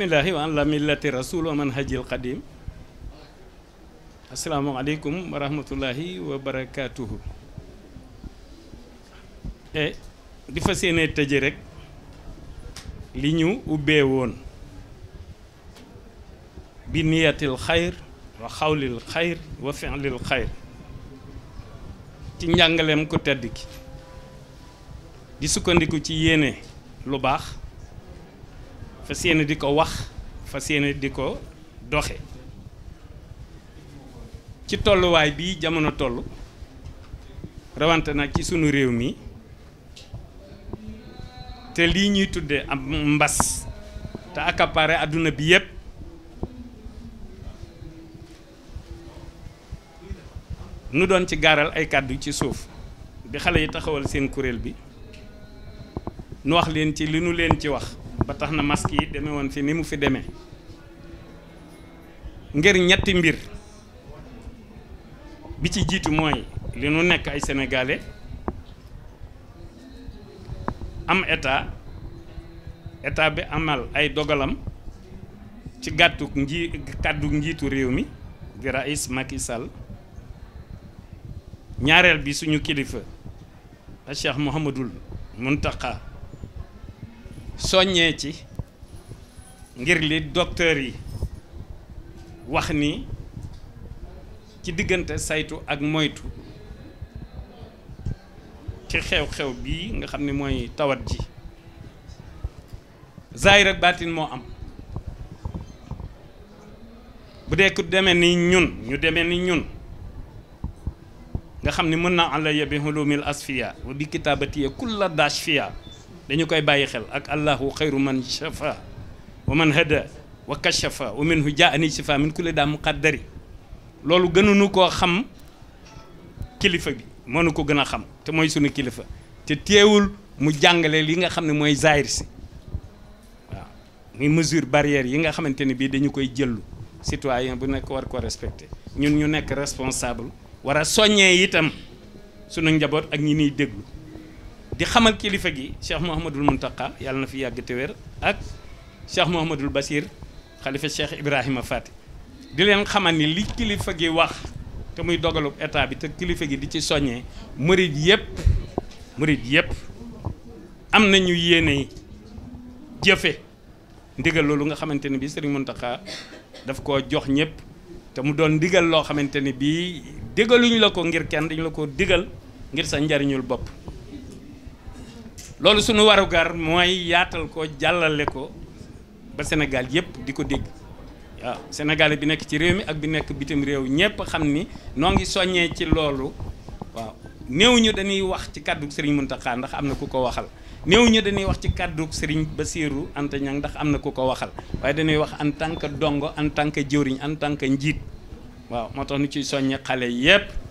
bismillahi wa ala millati rasul wa manhajil qadim asalaamaaleykum wa wa barakaatuhu e di fa séene tëje rek li ñu ubbee woon bi niyatil xayr wa xawlil xayr wa filil xayr ci njàngaleem ku tedd ki di sukkandiku ci yéene lu baax fas yéene di ko wax fas yéene di ko doxe ci tolluwaay bii jamono toll rawante nag ci sunu réew mi te lii ñuy tudde am mbas te accaparé àdduna bi yépp nu doon ci gaaral ay kàddu ci suuf bi xale yi taxawal seen kuréel bi nu wax leen ci li nu leen ci wax ba tax na maski demewoon demee fi ni mu fi deme ngir ñetti mbir bi ci jiitu mooy li nu nekk ay sénégalais am état état bi amal ay dogalam ci gàttu njiitu réew mi di Raïs ñaareel bi suñu kilifa a Cheikh Mouhamadoul Mountakha soññee ci ngir li docteur yi wax ni ci diggante saytu ak moytu ci xew-xew bii nga xam ni mooy tawat ji zaahir ak baatin moo am bu dee ku demee ni ñun ñu demee ni ñun nga xam ni mën naa àlla ya bi hulumil asfia wa bi kitaabatiya kulla dash fiya dañu koy bàyyi xel ak allahu xayru man shafa wa man hada wa kashafa wa minhu jaani sifa min kulli daa muqaddari loolu gënuñu koo xam kilifa bi moo ko gën a xam te mooy sunu kilifa te teewul mu jàngale li nga xam ne mooy zaahir si waaw muy mesure barrière yi nga xamante ne bii dañu koy jëlu citoyen bu nekk war ko respecté ñun ñu nekk responsable war a soññee itam sunu njaboot ak ñi ñuy déglu di xamal kilifa gi cheikh Mouhamadul Mountakha yàlla na fi yàgg te ak cheikh Mouhamadul Basir xalifa cheikh Ibrahima Fati di leen xamal ni li kilifa gi wax te muy dogalub état bi te kilifa gi di ci soññee murid yëpp murid yëpp am na nañu yéene jëfe ndigal loolu nga xamante ne bii Serigne Mountakha daf koo jox ñépp te mu doon ndigal loo xamante ne bii digaluñu la ko ngir kenn dañu la ko digal ngir sa njariñul bopp. loolu suñu warugar mooy yaatal ko jàllale ko ba Sénégal yëpp di ko dégg waaw Sénégalais bi nekk ci réew mi ak bi nekk bitim réew ñëpp xam ni noo ngi soññee ci loolu waaw néew ñu dañuy wax ci kàddu Serigne Mountakha ndax am na ku ko waxal néew ñu dañuy wax ci kàddu ba Bassirou Anta Niang ndax am na ku ko waxal waaye dañuy wax en tant que dongo en tant que jëwriñ en tant que njiit waaw moo tax ñu ciy soññee xale yëpp.